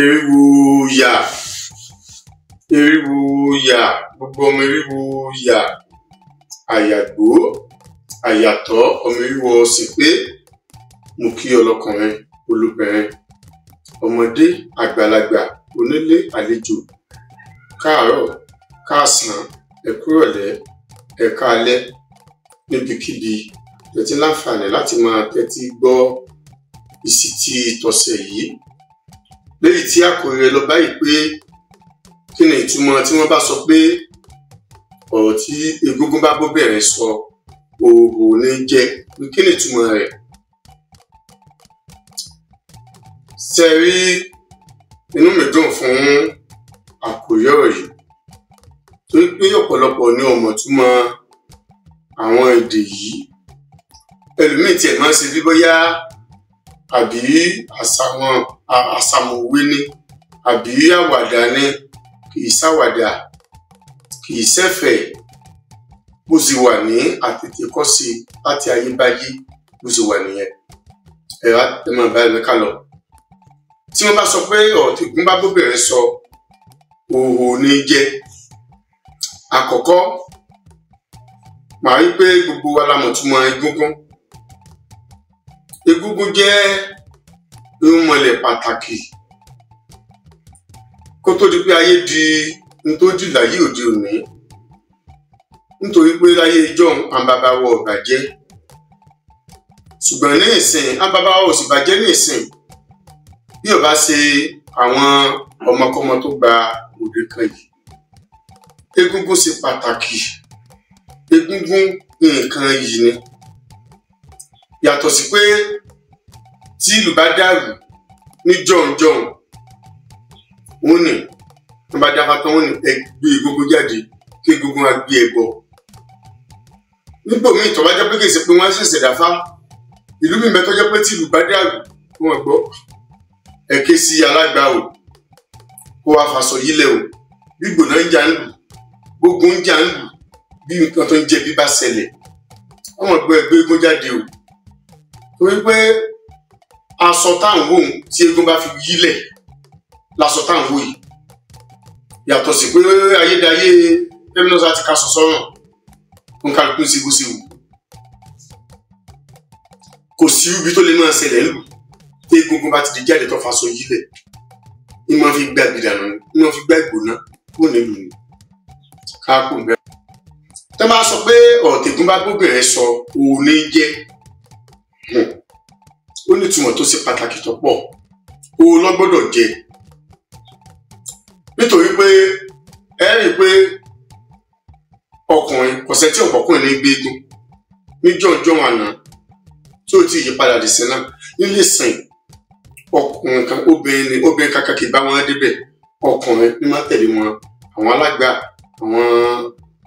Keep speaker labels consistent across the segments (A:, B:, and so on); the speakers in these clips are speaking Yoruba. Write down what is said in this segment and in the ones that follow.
A: eríwo yà eríwo yà gbogbo ọmọ eríwo yà àyàgbó àyàtọ̀ ọmọ eríwo ọ̀sìn pé mo kí ọlọ́kùnrin olóbìnrin ọmọdé àgbàlagbà onílé àlejò káàárọ̀ káàsán ẹkúrọ̀lẹ́ ẹka alẹ́ níbikíbi tẹ́tí láǹfààní láti máa tẹ́tí gbọ́ ìsìtì tọ̀sẹ̀ yìí léyìí tí àkòrí rẹ̀ lọ báyìí pé kí ni ìtumọ̀ tí wọ́n bá sọ pé ọ̀rọ̀ tí egúngún bá bó bẹ̀rẹ̀ sọ òògùn ní jẹ́ kí ni ìtumọ̀ rẹ̀ ṣe rí inú mi dùn fún àkòrí ọ̀rọ̀ yìí torí pé ọ̀pọ̀lọpọ̀ ni ọmọ túmọ̀ àwọn èdè yìí ẹlòmíì tiẹ̀ máa ń ṣe bí bóyá àbí àsàwọn àsàmòwe ni àbí àwàdà ni kìí ṣàwàdà kìí ṣẹ̀fẹ̀ bó sì wà ní àtètèkọ́ṣe láti ayébáyé bó sì wà nìyẹn ẹ wá ẹ máa bá ẹni ká lọ. tí wọ́n bá sọ pé ọ̀tẹ̀gùn bá bóbìnrin sọ òhò ní jẹ́ àkọ́kọ́ màá rí pé gbogbo wa la mọ̀ tí Egúngún jẹ́ irúnmọlẹ̀ pàtàkì kó tó di pé ayé di n tó dì láyé òde òní nítorí pé láyé ìjọ́un àǹbàbàwọ̀ ọ̀bàjẹ́ ṣùgbọ́n ní ìsìn àǹbàbàwọ̀ òsì bàjẹ́ ní ìsìn bí ó ṣe àwọn ọmọkọ́mọ tó gba òde kan yìí egúngún ṣe pàtàkì egúngún nǹkan yìí ni yàtọ̀ sí pé tí ìlú bá dàrú ní jọ̀ǹjọ̀ǹ wọn ni wọn bá dáfa tán wọn ni ẹ gbé egungun jáde kí egungun á gbé ẹ bọ nígbò míì tó bá jẹ́ pé kì í ṣe pé wọ́n ṣẹ̀ṣẹ̀ dáfá ìlú mi mẹ́tọ́ jẹ́ pé tí ìlú bá dàrú wọn gbọ́ ẹ ké sí alágbá o kó wa faṣọ yílẹ̀ o bí gbòná ń jà ń lù gbogbo ń jà ń lù bí nǹkan tó ń jẹ bí bá ṣẹlẹ̀ wọn gbọ́ ẹgbẹ́ egun jáde o wípé aṣọ táwọn wò tí eégún bá fi yílẹ̀ láṣọ táwọn wò yìí yàtọ̀ sí pé ayédáyé eminus àti kaṣọ sọ́rùn nǹkan kún sí bó ṣe wù kò sí ibi tó lè máa ṣẹlẹ̀ lù tí egungun bá ti di jáde tó faṣọ yílẹ̀ ní wọ́n fi gbá gbìdànù ní wọ́n fi gbá ìgbóná kúrò nílùú ni káàkó bẹ́ẹ̀. tẹ́ máa sọ pé ọ̀tẹ̀gùn bá gbóbìnrin sọ òun ní jẹ́ ó ní ìtumọ̀ tó ṣe pàtàkì tó pọ̀ o lọ gbọ́dọ̀ jẹ nítorí pé ẹ rí i pé ọkùnrin ọ̀sẹ̀ tí ọ̀pọ̀kùnrin ní gbégun níjọ́ ọjọ́ àná tó ti yípadà dì sí náà nílé sìn ọkùnrin kan obìnrin ni obìnrin kankan kì í bá wọn débẹ̀ ọkùnrin ní má tẹ̀lé wọn àwọn alága àwọn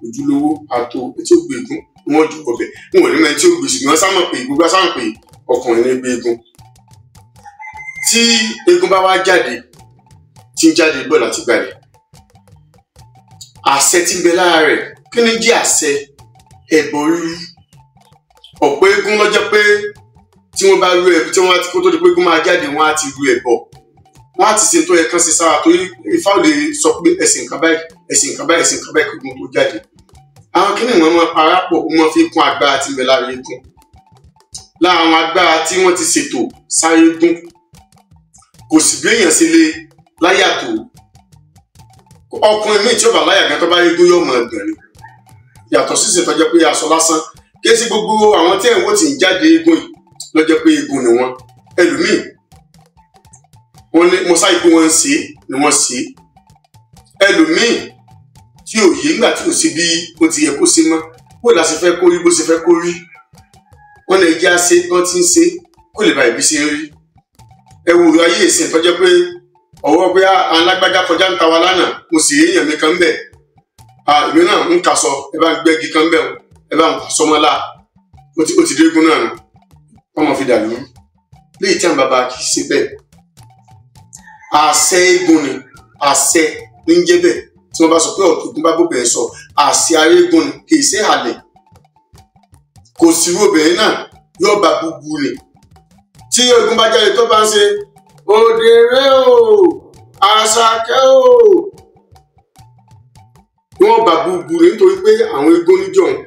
A: ojúlówó àtò etí ògbó igun wọn jù kọ bẹ n ò ní mẹ tí ó gbé ṣùgbọ́n sámọ pé gbogbo sámọ pé ọkùnrin ní gbé egun tí egun bá wá jáde tí ń jáde bọ̀ láti gbalẹ̀ àṣẹ tí ń bẹ lára rẹ̀ kí ni jẹ́ àṣẹ ẹbọ rírú ọ̀pọ̀ egun lọ́jọ́ pé tí wọ́n bá rú ẹbọ tí wọ́n á ti kó tó di pé egun máa jáde wọ́n á ti rú ẹbọ wọ́n á ti ṣe tó yẹ sára torí Ifá ò lè sọ pé ẹ̀sìn kan báyìí ẹ̀sìn kan báyìí ẹ̀sìn kan báyìí kí egun jáde àwọn kíní wọn máa parapọ̀ wọn fi kún agbára tí ń bẹ lára eégún lára àwọn agbára tí wọ́n ti ṣètò sáré gún kò sì bí èèyàn ṣe lè láyà tó ọkùnrin míì tí ó bá láyà gan tó bá eégún yóò mọ ẹgbẹ̀rún ni yàtọ̀ sísè tó jẹ́ pé aṣọ lásán kí sí gbogbo àwọn tí ẹ̀wọ̀n ti ń jáde eégún yìí ló jẹ́ pé eégún ni wọ́n ẹlòmíì wọ́n ní mọ́sáìkú wọn ń ṣe ni wọ́n ṣe ẹlòmíì tí ò yé ńgbà tí ò sí bí ó ti yẹ kó ṣe mọ́ bó la ṣe fẹ́ kó rí bó ṣe fẹ́ kó rí wọ́n lè já ṣe tán ti ń ṣe kó lè ba ìbí ṣe ń rí ẹ wo ayé ìsìn tọ́jọ́ pé ọwọ́ pé ah, alágbájá kọjá ń ta wa lánàá mo sì èèyàn mi kan bẹ̀ ah, èmi náà ń kà sọ ẹ bá ń gbẹ́gi kan o ẹ bá ń kà o mọ́lá o ti dégún náà nù ọmọ fi dàlú léyìí tí àwọn bàbá kì í ṣe bẹ́ẹ̀ àṣẹ egun ni àṣẹ ń jẹ́ bẹ́ẹ̀ tí wọ́n bá sọ pé ògùn bá bòbẹ̀ sọ àṣì arégún ni kì í ṣe àlẹ̀ kò sí irú obìnrin náà yóò bá gbogbo rẹ̀ tí ogun bá jáde tó bá ń ṣe òdèrè o àṣàkẹ́ o wọ́n bá gbogbo rẹ̀ nítorí pé àwọn eégún níjọ̀hún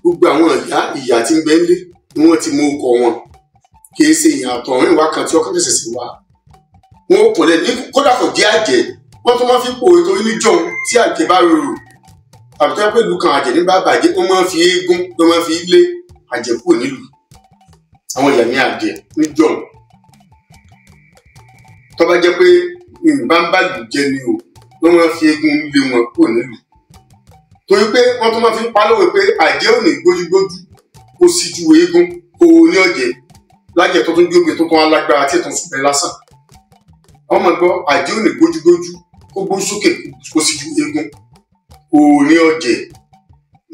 A: gbogbo àwọn ìyá ìyá tí ń bẹ ńlé ni wọ́n ti mú ọkọ̀ wọn kì í ṣe ìyàtọ̀ ọ̀rìn wa ọkọ̀ tẹ̀sẹ̀ sí wa wọn ò pọ̀lẹ́ ní kódà kò jẹ́ àjẹ́ wọ́n tún máa fi pòwe torí níjọ́ tí àjẹ́ bá rorò àbí tó pé ìlú kan àjẹ́ nígbà bàjẹ́ ó máa fi eégún ló máa fi lé àjẹ́ kúrò nílùú àwọn ìyàmí àjẹ́ níjọ́ tó bá jẹ́ pé ìbámbàlù jẹ ni o ló máa fi eégún lé wọn kúrò nílùú torí pé wọ́n tún máa fi pa lówe pé àjẹ́ ò ní gbójúgbójú kó sì ju eégún kó o ní ọ̀jẹ̀ lájẹ̀ tó tún gbé omi tó tún alágbára tí ètò ìsúnpẹ̀ lásán ọmọ gbọ́ àjẹ́ ò ní gbójúgbójú kó gbórí sókè kó sì ju eegun kò ní ọ̀jẹ̀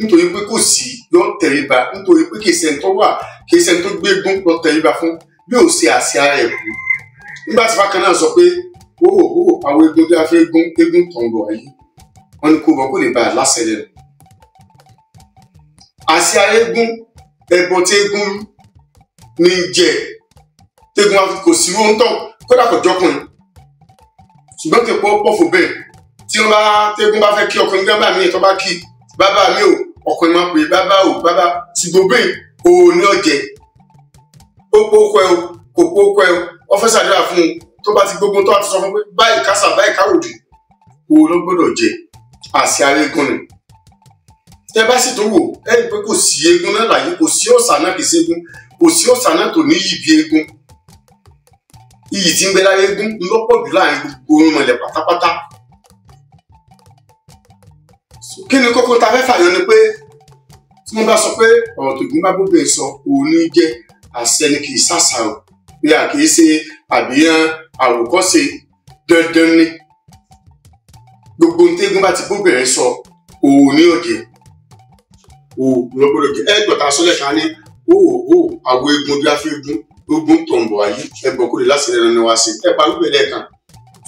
A: nítorí pé kò sí lọ tẹríba nítorí pé kìí sẹ́ni tó wà kìí sẹ́ni tó gbégun lọ tẹríba fún bí ò ṣe àṣà rẹ̀ kú nígbà tí bákan náà sọ pé owó owó àwọn egun tí a fẹ́ gún egun tàn lọ ayé wọn ni kò bọ́ kó lè ba àlásẹ̀ rẹ̀ àṣà eégún ẹbọ tí eégún ní jẹ tẹgùn kò sí wọn tán kódà kò jọkùnrin ṣùgbọ́n kì í pọ́ pọ̀ fò bẹ́ẹ̀ tí wọ́n bá tẹ́gùn bá fẹ́ kí ọkùnrin gbẹ́ bá mi ìtọ́ bá kì í bàbá mi ò ọkùnrin máa pè bàbá ò bàbá ṣùgbọ́n bẹ́ẹ̀ òun ní ọ̀jẹ̀ ó pó kọ ẹ o kò pó kọ ẹ o ọfẹ́ ṣàdúrà fún un tó bá ti gbógun tó àti sọ fún pé báyìí kásà báyìí káwòdì òun ló gbọ́dọ̀ jẹ àṣẹ arégún ni tẹ bá sì tó wò ẹ rí i pé kò sí eégún náà láyé kò sí ọ̀sà náà kì í ṣe eégún kò sí ọ̀sà náà tó ní yìí bí eégún iyì tí ń bẹ láyé gún lọ́pọ̀ jù láàrin gbogbo ohun mọ̀lẹ̀ pátápátá. kí ni kókó ta fẹ́ fàyọ ni pé tí wọ́n bá sọ pé ọ̀rọ̀ tó gbígbá gbogbo ẹ̀ sọ òun ní jẹ́ àṣẹ ni kì í ṣàṣàrò pé a kì í ṣe àbíyàn àwòkọ́ṣe dandan ni gbogbo ohun tẹ́gun bá ti gbogbo ẹ̀ sọ òun ní òjè òun lọ́gbọ́dọ̀ jẹ́ ẹgbẹ̀ta sọ́lẹ̀ kan ní òògùn àwọ̀ egun bí a fi gún gbogbo ń tọ̀nbọ̀ ayé ẹgbọ́n kò lè lásìrè ẹran ni wàá ṣe ẹ parí bẹ̀ lẹ́ẹ̀kan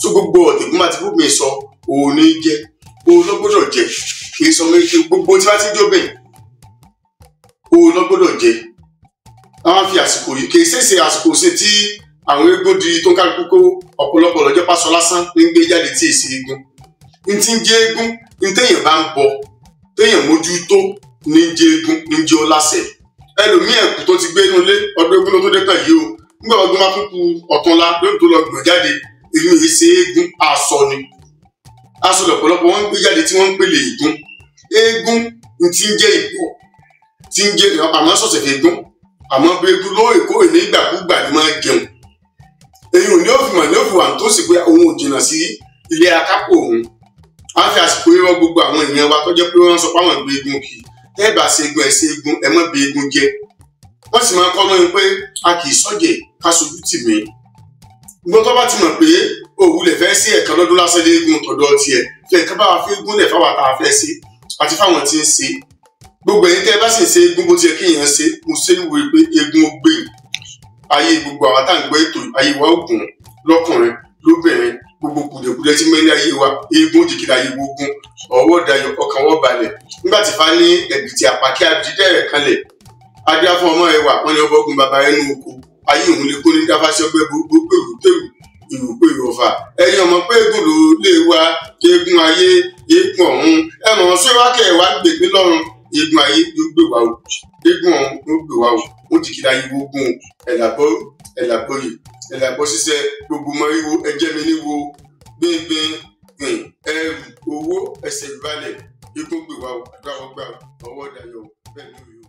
A: tó gbogbo ọ̀tẹ̀gbọ́n àti gbogbo sọ òun ní jẹ òun ló gbọ́dọ̀ jẹ kì í sọ méjì gbogbo tí wàá ti jó bẹ́ẹ̀ òun ló gbọ́dọ̀ jẹ àwọn fi àsìkò yìí kì í ṣèṣe àsìkò ṣe tí àwọn eégún di tó ń ká kókó ọ̀pọ̀lọpọ̀ lọ́jọ́ pásọ lásán ní gbé jáde tí èsì eégún n ti ń jẹ eégún n téèyàn bá ń bọ téèyàn mójútó ní jẹ eégún ní jẹ ó láṣẹ ẹlòmíì ẹ̀kú tó ti gbé inú ilé ọdún egún ló tó dé tàn yìí o nígbà ọdún bá tún ku ọ̀túnla lórí tó lọ gbọ̀n jáde èmi yìí ṣe eégún aṣọ ni aṣọ lọ̀pọ̀lọpọ̀ wọ́n ń gbé jáde tí wọ́n ń pèlè ègún eégún ní ti ń jẹ́ ìbọ̀ ti ń jẹ́ àmọ́ sọ̀sẹ̀ fi gún àmọ́ bí eégún lóòrèkóòrè ní ìgbàkúgbà ni máa jẹun èyí ò ní òfìmọ̀ ní òfìwà tó sì pé òun ò jìnnà sí ilé akápò òun á fi àsìkò irọ́ gbogbo àwọn èèyàn wa tó jẹ́ pé wọ́n sọ pé ìgbé eégún kì tẹ́ bá ṣe egun ẹ̀ ṣe egun ẹ mọ́ bí egun jẹ wọ́n sì máa kọ́ mọ́ pé a kì í sọ́jẹ̀ ká sojú tì mí gbogbo tó bá ti mọ̀ pé òwú lè fẹ́ sí ẹ̀kan lọ́dún lásán léegun tọ̀dọ̀ tiẹ̀ fẹ́ ká bá wa fi gún lẹ̀ fáwọn tá a fẹ́ sí àti fáwọn tí ń ṣe gbogbo ẹ̀yin tẹ́ bá sì ṣe egun bó ti yẹ kí èèyàn ṣe mo ṣe ní wòye pé egun ó gbé ayé gbogbo àwọn tá ètò ayé wa ó gùn lọ́kùnrin lóbìnrin gbogbo kùdẹ̀kùdẹ̀ tí mẹ́lẹ́ ayé wa eégún jìkìlá ayé wogun ọwọ́ dayọ̀ ọkàn wọ́n balẹ̀ nígbà tí fa ní ẹ̀bìtì àpákí àdídẹ́ rẹ̀ kanlẹ̀ adíáfọ́ ọmọ ẹ̀ wà wọ́n ní ọbọ̀gun bàbá ẹnu oko ayé òun lè kó ní dáfáṣẹ́ ọgbẹ́ gbogbo pèrú pèrú ìlú pèrú ọ̀fà ẹ̀yin ọmọ pé eégún ló lè wa eégún ayé eégún ọ̀hún ẹ̀ mọ̀ sọ ìwákẹ́ ẹ̀ gbègbè lọ́rùn eégún ayé ló gbè wá o eégún ọ̀run ló gbè wá o ó ti kìlá yìí wógún ẹ̀làbọ́ ẹ̀làbọ́yè ẹ̀làbọ́ ṣiṣẹ́ gbogbo mọ́ ríwo ẹjẹ́ mi níwo gbẹ̀ngbẹ̀n gbìn ẹrù owó ẹsẹ̀ ìbálẹ̀ eégún gbè wá o àdúrà wọn gbà ọwọ́ dayọ̀ bẹ́ẹ̀ ni òyò.